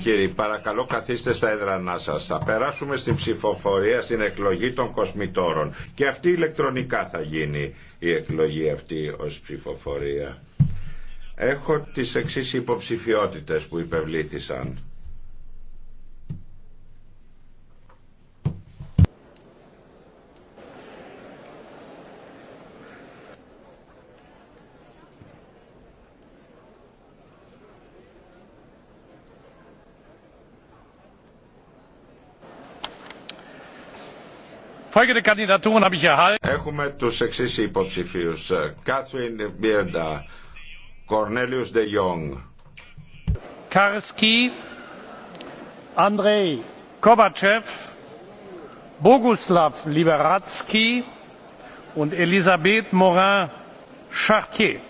κύριοι, παρακαλώ καθίστε στα έδρανά σα. Θα περάσουμε στην ψηφοφορία, στην εκλογή των κοσμητόρων. Και αυτή ηλεκτρονικά θα γίνει η εκλογή αυτή ως ψηφοφορία. Έχω τις εξή υποψηφιότητες που υπευλήθησαν. Έχουμε τους εξής υποψηφίους. Κάθριν Μπιέντα, Κορνέλιος Ντε Γιόγκ, Καρσκι, Ανδρέι Κόβατσεφ, Μπογουσλαβ Λιβεράτσκι και Elisabeth Morin Σαρκέ.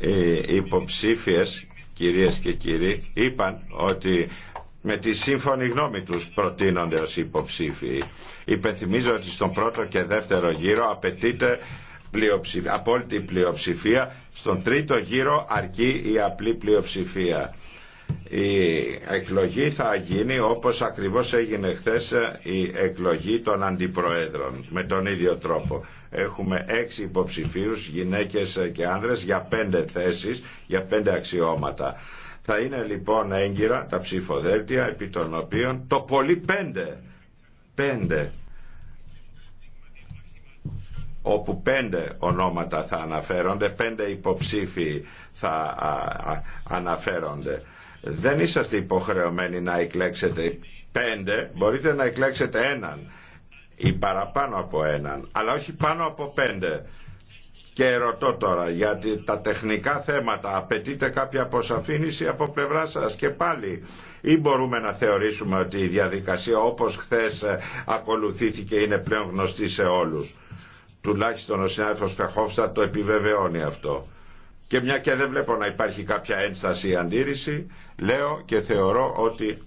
Οι υποψήφιες, κυρίες και κύριοι, είπαν ότι με τη σύμφωνη γνώμη τους προτείνονται ως υποψήφοι. Υπενθυμίζω ότι στον πρώτο και δεύτερο γύρο απαιτείται απόλυτη πλειοψηφία, στον τρίτο γύρο αρκεί η απλή πλειοψηφία. Η εκλογή θα γίνει όπως ακριβώς έγινε χθες ε, η εκλογή των αντιπροέδρων με τον ίδιο τρόπο. Έχουμε έξι υποψηφίους, γυναίκες και άνδρες για πέντε θέσεις, για πέντε αξιώματα. Θα είναι λοιπόν έγκυρα τα ψηφοδέλτια επί των οποίων το πολύ πέντε, πέντε όπου πέντε ονόματα θα αναφέρονται, πέντε υποψήφοι θα αναφέρονται. Δεν είσαστε υποχρεωμένοι να εκλέξετε πέντε, μπορείτε να εκλέξετε έναν ή παραπάνω από έναν, αλλά όχι πάνω από πέντε. Και ρωτώ τώρα γιατί τα τεχνικά θέματα. Απαιτείται κάποια αποσαφήνιση από πλευρά σας και πάλι. Ή μπορούμε να θεωρήσουμε ότι η διαδικασία όπως χθες ε, ακολουθήθηκε είναι πλέον γνωστή σε όλους. Τουλάχιστον ο συνάδελφος Φεχόφστα το επιβεβαιώνει αυτό. Και μια και δεν βλέπω να υπάρχει κάποια ένσταση ή αντίρρηση, λέω και θεωρώ ότι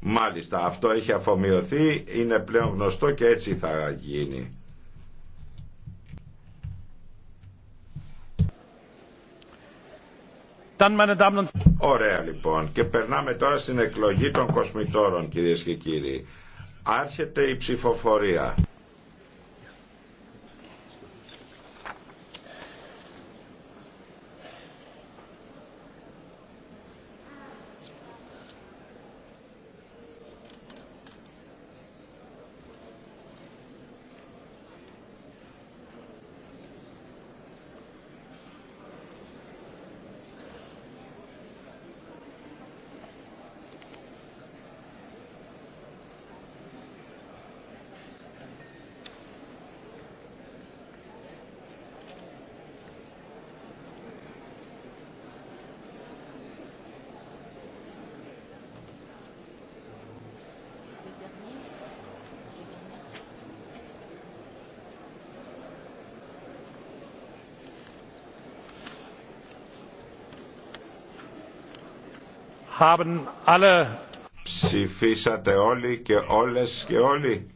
μάλιστα αυτό έχει αφομοιωθεί, είναι πλέον γνωστό και έτσι θα γίνει. Ωραία λοιπόν και περνάμε τώρα στην εκλογή των κοσμητόρων κυρίες και κύριοι. Άρχεται η ψηφοφορία. haben Ψηφίσατε όλοι και όλες και όλοι,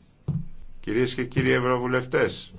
κυρίες και κύριοι ευρωβουλευτές.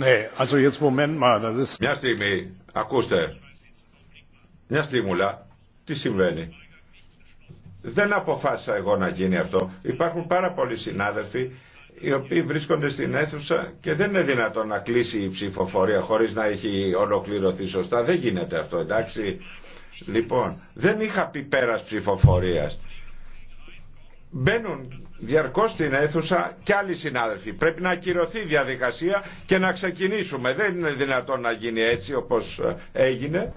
Ναι, also Moment Μια στιγμή, ακούστε. Μια στιγμούλα, τι συμβαίνει. Δεν αποφάσισα εγώ να γίνει αυτό. Υπάρχουν πάρα πολλοί συνάδελφοι οι οποίοι βρίσκονται στην αίθουσα και δεν είναι δυνατόν να κλείσει η ψηφοφορία χωρίς να έχει ολοκληρωθεί σωστά. Δεν γίνεται αυτό, εντάξει. Λοιπόν, δεν είχα πει πέρας ψηφοφορίας. Μπαίνουν διαρκώ στην αίθουσα και άλλοι συνάδελφοι. Πρέπει να ακυρωθεί η διαδικασία και να ξεκινήσουμε. Δεν είναι δυνατόν να γίνει έτσι όπως ε, έγινε.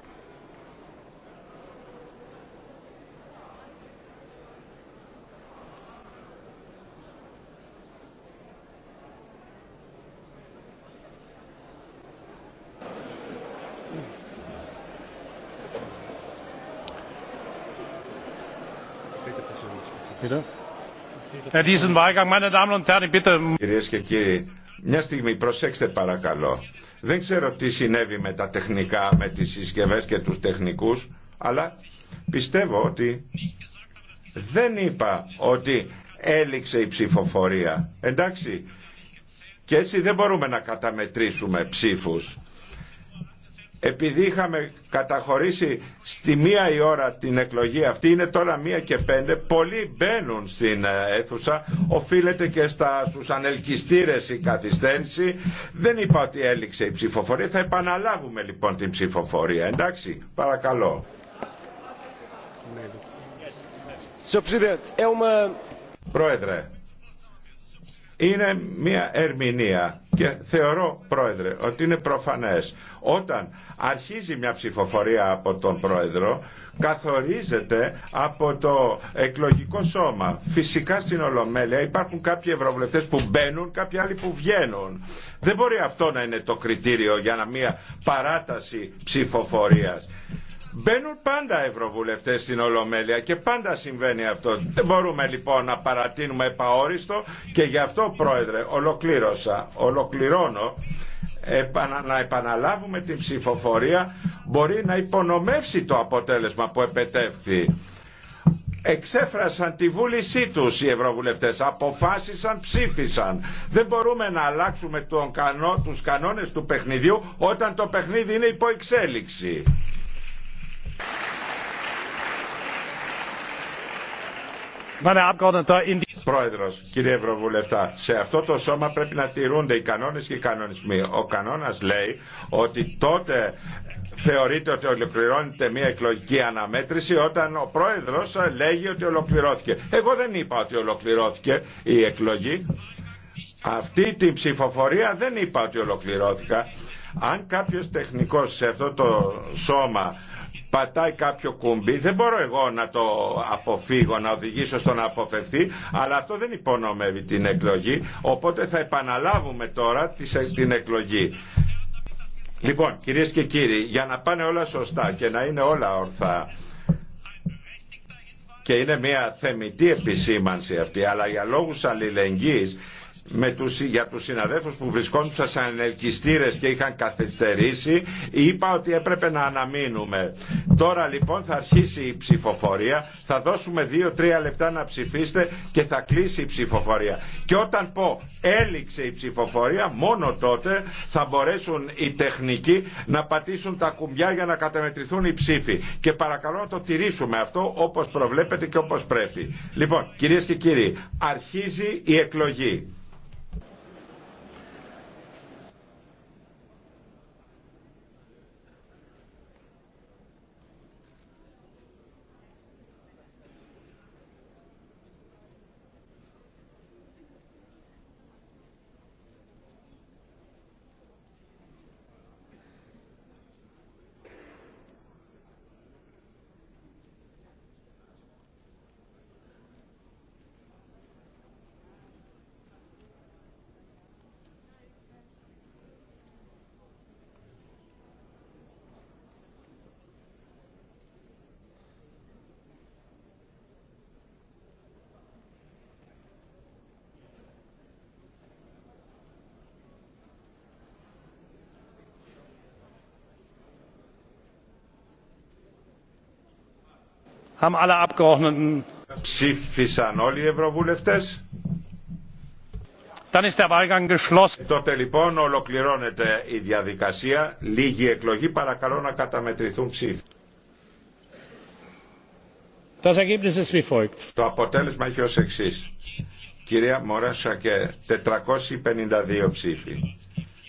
Κυρίες και κύριοι, μια στιγμή προσέξτε παρακαλώ. Δεν ξέρω τι συνέβη με τα τεχνικά, με τις συσκευέ και τους τεχνικούς, αλλά πιστεύω ότι δεν είπα ότι έληξε η ψηφοφορία. Εντάξει, και έτσι δεν μπορούμε να καταμετρήσουμε ψήφους επειδή είχαμε καταχωρήσει στη μία η ώρα την εκλογή αυτή, είναι τώρα μία και πέντε, πολλοί μπαίνουν στην ε, αίθουσα, οφείλεται και στα, στους ανελκυστήρες η καθυστέρηση. Δεν είπα ότι έληξε η ψηφοφορία, θα επαναλάβουμε λοιπόν την ψηφοφορία, εντάξει, παρακαλώ. Πρόεδρε, είναι μία ερμηνεία και θεωρώ, Πρόεδρε, ότι είναι προφανές όταν αρχίζει μια ψηφοφορία από τον Πρόεδρο καθορίζεται από το εκλογικό σώμα. Φυσικά στην Ολομέλεια υπάρχουν κάποιοι ευρωβουλευτές που μπαίνουν, κάποιοι άλλοι που βγαίνουν. Δεν μπορεί αυτό να είναι το κριτήριο για μια παράταση ψηφοφορίας. Μπαίνουν πάντα ευρωβουλευτές στην Ολομέλεια και πάντα συμβαίνει αυτό. Δεν μπορούμε λοιπόν να παρατείνουμε επαόριστο και γι' αυτό πρόεδρε ολοκλήρωσα, ολοκληρώνω να επαναλάβουμε την ψηφοφορία μπορεί να υπονομεύσει το αποτέλεσμα που επετεύχθη. Εξέφρασαν τη βούλησή τους οι ευρωβουλευτές, αποφάσισαν, ψήφισαν. Δεν μπορούμε να αλλάξουμε τον κανό, τους κανόνες του παιχνιδιού όταν το παιχνίδι είναι υπό εξέλιξη. Πρόεδρος, κύριε Ευρωβουλευτά, σε αυτό το σώμα πρέπει να τηρούνται οι κανόνες και οι κανονισμοί. Ο κανόνας λέει ότι τότε θεωρείται ότι ολοκληρώνεται μια εκλογική αναμέτρηση όταν ο πρόεδρος λέγει ότι ολοκληρώθηκε. Εγώ δεν είπα ότι ολοκληρώθηκε η εκλογή. Αυτή την ψηφοφορία δεν είπα ότι ολοκληρώθηκα. Αν κάποιος τεχνικός σε αυτό το σώμα πατάει κάποιο κουμπί, δεν μπορώ εγώ να το αποφύγω, να οδηγήσω στο να αποφευθεί, αλλά αυτό δεν υπονομεύει την εκλογή, οπότε θα επαναλάβουμε τώρα την εκλογή. Λοιπόν, κυρίες και κύριοι, για να πάνε όλα σωστά και να είναι όλα ορθά, και είναι μια θεμητή επισήμανση αυτή, αλλά για λόγους αλληλεγγύης με τους, για τους συναδέλφους που βρισκόντουσαν σαν ελκυστήρες και είχαν καθυστερήσει είπα ότι έπρεπε να αναμείνουμε τώρα λοιπόν θα αρχίσει η ψηφοφορία θα δώσουμε 2-3 λεπτά να ψηφίσετε και θα κλείσει η ψηφοφορία και όταν πω έληξε η ψηφοφορία μόνο τότε θα μπορέσουν οι τεχνικοί να πατήσουν τα κουμπιά για να καταμετρηθούν οι ψήφοι και παρακαλώ να το τηρήσουμε αυτό όπως προβλέπετε και όπως πρέπει λοιπόν κυρίες και κύριοι αρχίζει η εκλογή haben alle Abgeordneten Ψήφισαν όλοι οι ευρωβουλευτές. Dann ist der Wahlgang geschlossen. Τότε λοιπόν ολοκληρώνεται η διαδικασία. Λίγη εκλογή παρακαλώ να καταμετρηθούν ψήφοι. Das Ergebnis ist wie folgt. Το αποτέλεσμα έχει ω εξή. Κυρία Μωρά και 452 ψήφοι.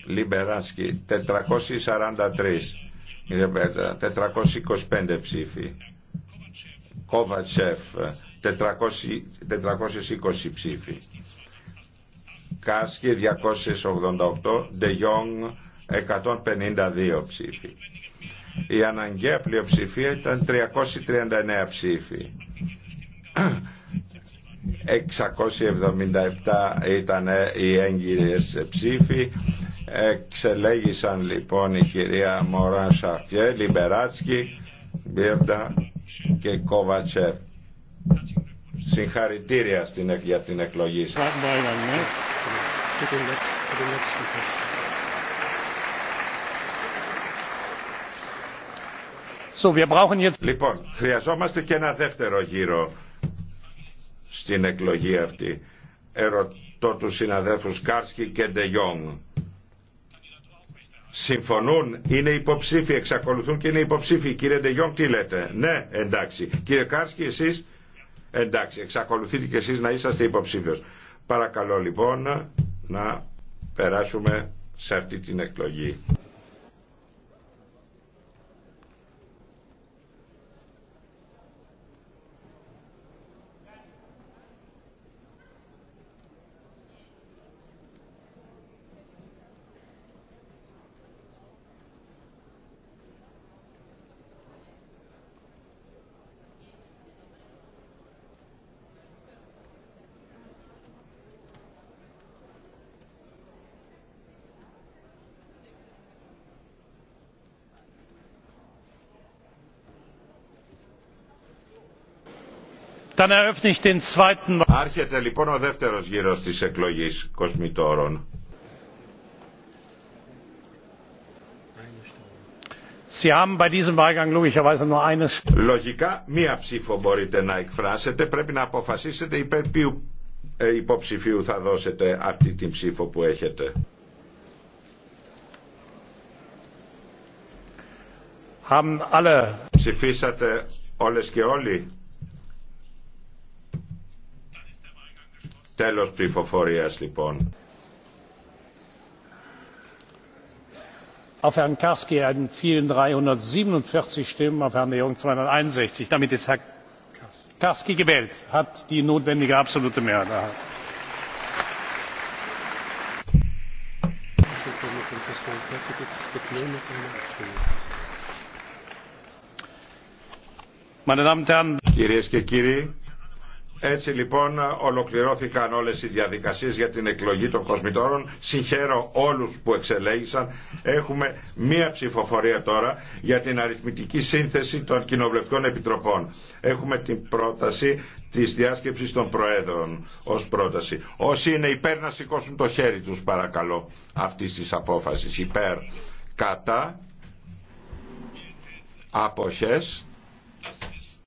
Λιμπεράσκι, 443. Κύριε Μπέτρα, 425 ψήφοι. Κόβατσεφ 420 ψήφοι. Κάσκι 288, Ντε 152 ψήφοι. Η αναγκαία πλειοψηφία ήταν 339 ψήφοι. 677 ήταν οι έγκυρες ψήφοι. Εξελέγησαν λοιπόν η κυρία Μωράν Σαρτιέ, Λιμπεράτσκι, Μπίρντα και Κόβατσεφ. Συγχαρητήρια στην, για την εκλογή σας. Λοιπόν, χρειαζόμαστε και ένα δεύτερο γύρο στην εκλογή αυτή. Ερωτώ τους συναδέλφους Κάρσκι και Ντεγιόνγκ. Συμφωνούν, είναι υποψήφοι, εξακολουθούν και είναι υποψήφοι. Κύριε Ντεγιόν, τι λέτε. Ναι, εντάξει. Κύριε Κάρσκι, εσεί. Εντάξει, εξακολουθείτε και εσεί να είσαστε υποψήφιο. Παρακαλώ λοιπόν να περάσουμε σε αυτή την εκλογή. Άρχεται λοιπόν ο δεύτερος γύρος της εκλογής κοσμητόρων. Λογικά μία ψήφο μπορείτε να εκφράσετε. Πρέπει να αποφασίσετε υπέρ ποιου ε, υποψηφίου θα δώσετε αυτή την ψήφο που έχετε. Ψηφίσατε όλες και όλοι. Τέλος ψηφοφορίας λοιπόν. auf herrn karski einen vielen 347 stimmen auf herrn de 261, damit ist herr karski gewählt hat die notwendige absolute mehrheit erhalten. meine damen und herren! Έτσι λοιπόν ολοκληρώθηκαν όλες οι διαδικασίες για την εκλογή των κοσμητόρων. Συγχαίρω όλους που εξελέγησαν. Έχουμε μία ψηφοφορία τώρα για την αριθμητική σύνθεση των κοινοβουλευτικών επιτροπών. Έχουμε την πρόταση της διάσκεψης των Προέδρων ως πρόταση. Όσοι είναι υπέρ να σηκώσουν το χέρι τους παρακαλώ αυτής της απόφασης. Υπέρ κατά αποχές